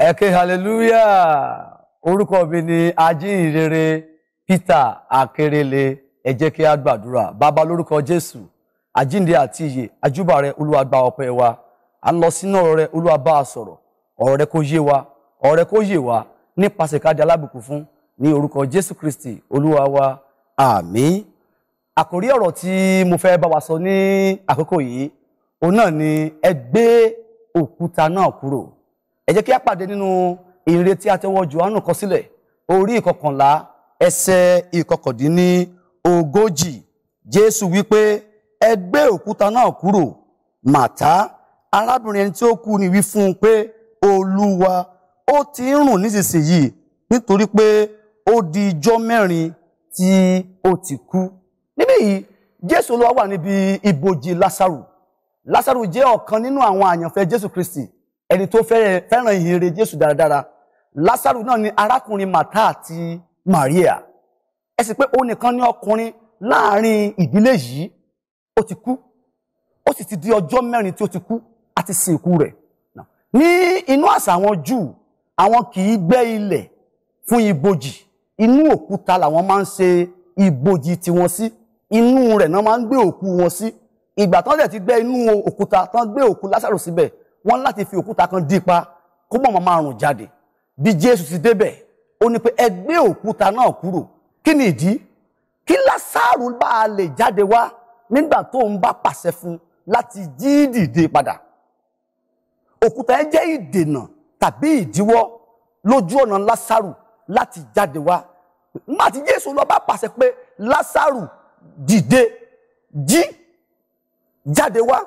ẹ hallelujah orúkọ mi ni ajínrere Peter Akérèlé ẹ jẹ́ kí a gbàdúrà bàbá lórúkọ Jésù àjíǹde àti ìyè àjúbà rẹ Olúwa gba ọpẹ́ wa a lọ sínú ọ̀rọ̀ rẹ Olúwa bá a sọ̀rọ̀ ọ̀rọ̀ rẹ kó yé wa ọ̀rọ̀ rẹ kó yé wa nípasẹ̀ ká alábùkún fún ní orúkọ Jésù Kristi Olúwa wa àmín àkòrí ọ̀rọ̀ tí mo fẹ́ bá wa sọ ní àkókò yìí òun náà ni ẹ gbé òkúta náà kúrò ẹ jẹ́ kí a pàdé nínú ìrere tí a tẹ́wọ́ Jòhánù kọ sílẹ̀ orí ìkọkànlá ẹsẹ̀ ìkọkàndínní ogójì Jésù wípé ẹ gbé òkúta náà kúrò Màtá arábìnrin ẹni tí ó kú ni wí fún un pé Olúwa ó ti ń rùn nísinsìnyí nítorí pé ó di ijọ́ mẹ́rin tí ó ti kú níbí yìí Jésù Olúwa wà níbi ibojì Lásárù Lásárù jẹ́ ọ̀kan nínú àwọn àyànfẹ́ Jésù Kristi ẹni tó fẹ́ràn ìhìnrere Jésù dáradára Lásárù náà ni arákùnrin Màtá àti Màríà ẹ sì pé ó nìkan ní ọkùnrin láàrin ìdílé yìí ó ti kú ó sì ti di ọjọ́ mẹ́rin tí ó ti kú àti sìnkú rẹ̀ ní inú àṣà àwọn Júù àwọn kì í gbẹ́ ilẹ̀ fún ibojì inú òkúta làwọn máa ń ṣe ibojì tiwọn sí inú rẹ̀ náà máa ń gbé òkú wọn sí ìgbà tán dẹ̀ ti gbẹ́ inú òkúta tán gbé òkú Lásárù síbẹ̀ wọ́n láti fi òkúta kan dí pa kó mọ̀ máa rùn jáde bí jésù ti débẹ̀ ó ní pé ẹ gbé òkúta náà kúrò kí ni ìdí kí lásàrù bá a lè jáde wá nígbà tó ń bá pàṣẹ fún láti jí dìde padà òkúta yẹn jẹ́ ìdènà tàbí ìdíwọ́ lójú ọ̀nà lásàrù láti jáde wá nígbà tí jésù lọ bá pàṣẹ pé lásàrù dìde jí jáde wá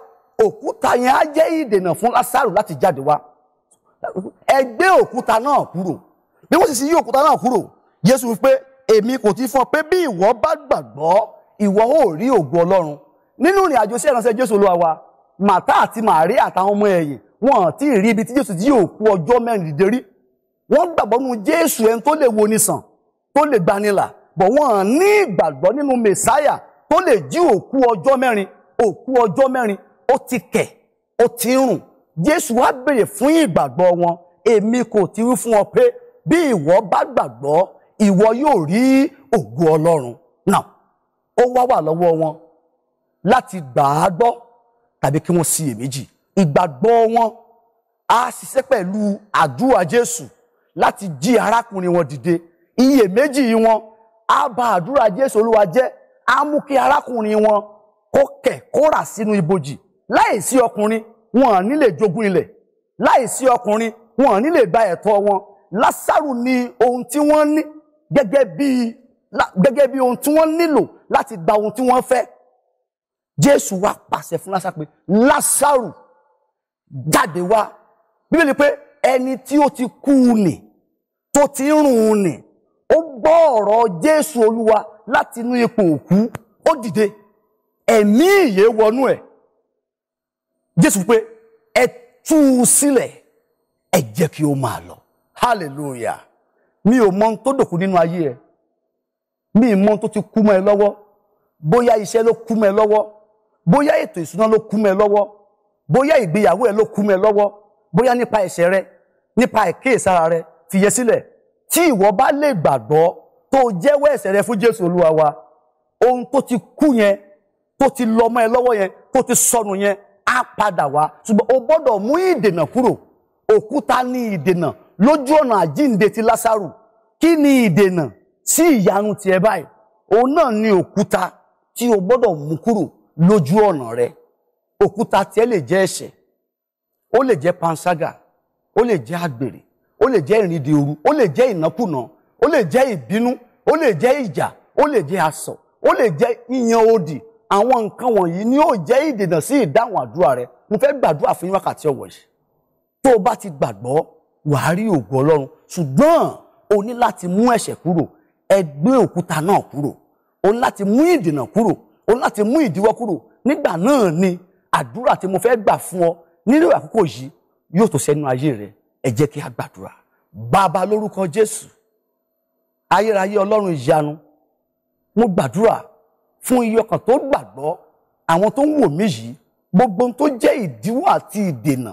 òkúta yẹn á jẹ́ ìdènà fún Lásárù láti jáde wá ẹ gbé òkúta náà kúrò bí wọ́n sì sì yí òkúta náà kúrò Jésù wípé èmi kò ti fún ọ pé bí ìwọ bá gbàgbọ́ ìwọ ò rí ògo Ọlọ́run nínú ìrìn àjò sí ìránṣẹ́ Jésù Olúwa wa Màtá àti Màríà àtàwọn ọmọ ẹ̀yìn wọn ti rí ibi tí Jésù ti yóò kú ọjọ́ mẹ́rin dìde rí wọ́n gbàgbọ́ nínú Jésù ẹni tó lè wo nisàn tó lè gbanilà bọ̀ wọ́n ní ìgbàgbọ́ nínú Mèsáyà tó lè jí òkú ọjọ́ mẹ́rin òkú ọjọ́ mẹ́rin ó ti kẹ̀ ó ti rùn jésù wá béèrè fún ìgbàgbọ́ wọn èmi kò ti wí fún ọ pé bí ìwọ bá gbàgbọ́ ìwọ yóò rí ògo ọlọ́run náà ó wá wà lọ́wọ́ wọn láti gbà á gbọ́ tàbí kí wọ́n ṣiyèméjì ìgbàgbọ́ wọn á ṣiṣẹ́ pẹ̀lú àdúrà jésù láti jí arákùnrin wọn dìde iyèméjì wọn á bà àdúrà jésù olúwa jẹ́ á mú kí arákùnrin wọn kó kẹ̀ kó rà sínú ibojì láìsí ọkùnrin wọn ò ní lè jogún ilẹ̀ láìsí ọkùnrin wọn ò ní lè gba ẹ̀tọ́ wọn lásàrù ni ohun tí wọ́n ní gẹ́gẹ́ bí gẹ́gẹ́ bí ohun tí wọ́n nílò láti gba ohun tí wọ́n fẹ́ jésù wá pàṣẹ fún lásà pé lásàrù jáde wá bíbélì pé ẹni tí ó ti kú nì tó ti rùn ún ó gbọ́ ọ̀rọ̀ jésù olúwa láti inú ipò òkú ó dìde ẹ̀mí ìyè wọnú ẹ̀. E jésù pé ẹ tú u sílẹ̀ ẹ jẹ́ kí ó máa lọ hallelujah mi ò mọ ohun tó dòkú nínú ayé ẹ mi ì mọ ohun tó ti kú mọ́ ẹ lọ́wọ́ bóyá iṣẹ́ ló kú mọ́ ẹ lọ́wọ́ bóyá ètò ìṣúná ló kú mọ́ ẹ lọ́wọ́ bóyá ìgbéyàwó ẹ ló kú mọ́ ẹ lọ́wọ́ bóyá nípa ẹ̀ṣẹ̀ rẹ nípa ìkíyèsára rẹ fìyẹ sílẹ̀ tí ìwọ bá lè gbàgbọ́ tó jẹ́wọ́ ẹ̀ṣẹ̀ rẹ fún jésù olúwa wa ohun tó ti kú yẹn tó ti lọ mọ́ ẹ lọ́wọ́ yẹn tó ti sọnù yẹn Apadàwa padà wá ṣùgbọ́n o gbọ́dọ̀ mú ìdènà kúrò òkúta ní ìdènà lójú ọ̀nà àjíǹde ti lásàrù kí ni ìdènà sí ìyanu tiẹ̀ báyìí òun náà ni òkúta tí o gbọ́dọ̀ mú kúrò lójú ọ̀nà rẹ òkúta tiẹ̀ lè jẹ́ ẹ̀ṣẹ̀ ó lè jẹ́ panṣágà ó lè jẹ́ àgbèrè ó lè jẹ́ ìrìndì òru ó lè jẹ́ ìnákùná ó lè jẹ́ ìbínú ó lè jẹ́ ìjà ó lè jẹ́ asọ̀ ó lè jẹ́ yíyan odi àwọn nǹkan wọ̀nyí ni yóò jẹ́ ìdènà sí ìdáhùn àdúrà rẹ mo fẹ́ gbàdúrà fún yín wákàtí ọ̀wọ̀ yìí tó o bá ti gbàgbọ́ wàá rí ògo ọlọ́run ṣùgbọ́n o ní láti mú ẹ̀ṣẹ̀ kúrò ẹ gbé òkúta náà kúrò o ní láti mú ìdènà kúrò o ní láti mú ìdíwọ́ kúrò nígbà náà ni àdúrà tí mo fẹ́ gbà fún ọ nílò àkókò yìí yóò tó sẹ́nu ayé rẹ ẹ jẹ́ kí a gbàdúrà bàbá lórúkọ jésù ayérayé ọlọ́run ìyanu mo gbàdúrà fún iye ọkàn tó gbàgbọ́ àwọn tó ń wò mí yìí gbogbo tó jẹ́ ìdíwọ́ àti ìdènà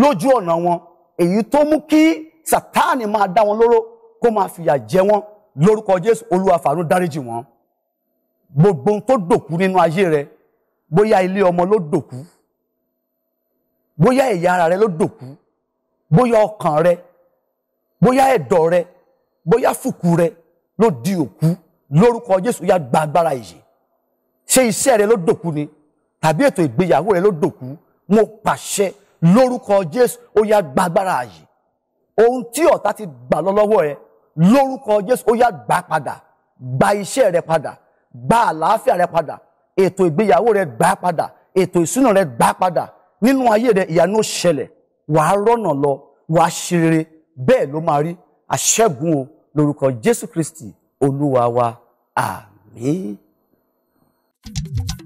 lójú ọ̀nà wọn èyí tó mú kí sátánì máa dá wọn lóró kó máa fìyà jẹ wọn lórúkọ jésù olúwa fàánú dáríjì wọn gbogbo tó dòkú nínú ayé rẹ bóyá ilé ọmọ ló dòkú bóyá ẹ̀yà ara rẹ ló dòkú bóyá ọkàn rẹ bóyá ẹ̀dọ̀ rẹ bóyá fùkù rẹ ló di òkú lórúkọ jésù yá gba agbára ìyè ṣé iṣẹ́ rẹ ló dòkú ni tàbí ètò ìgbéyàwó rẹ ló dòkú mo pàṣẹ lórúkọ jésù ó yá gbàgbára ààyè ohun tí ọ̀tá ti gbà lọ lọ́wọ́ rẹ lórúkọ jésù ó yá gbà padà gba iṣẹ́ rẹ padà gba àlàáfíà rẹ padà ètò ìgbéyàwó rẹ gbà padà ètò ìsúná rẹ gbà padà nínú ayé rẹ ìyanu ṣẹlẹ̀ wàá rọ́nà lọ wàá ṣe rere bẹ́ẹ̀ ló máa rí àṣẹ́gun o lórúkọ jésù kristi olúwa wa àmín. Thank you.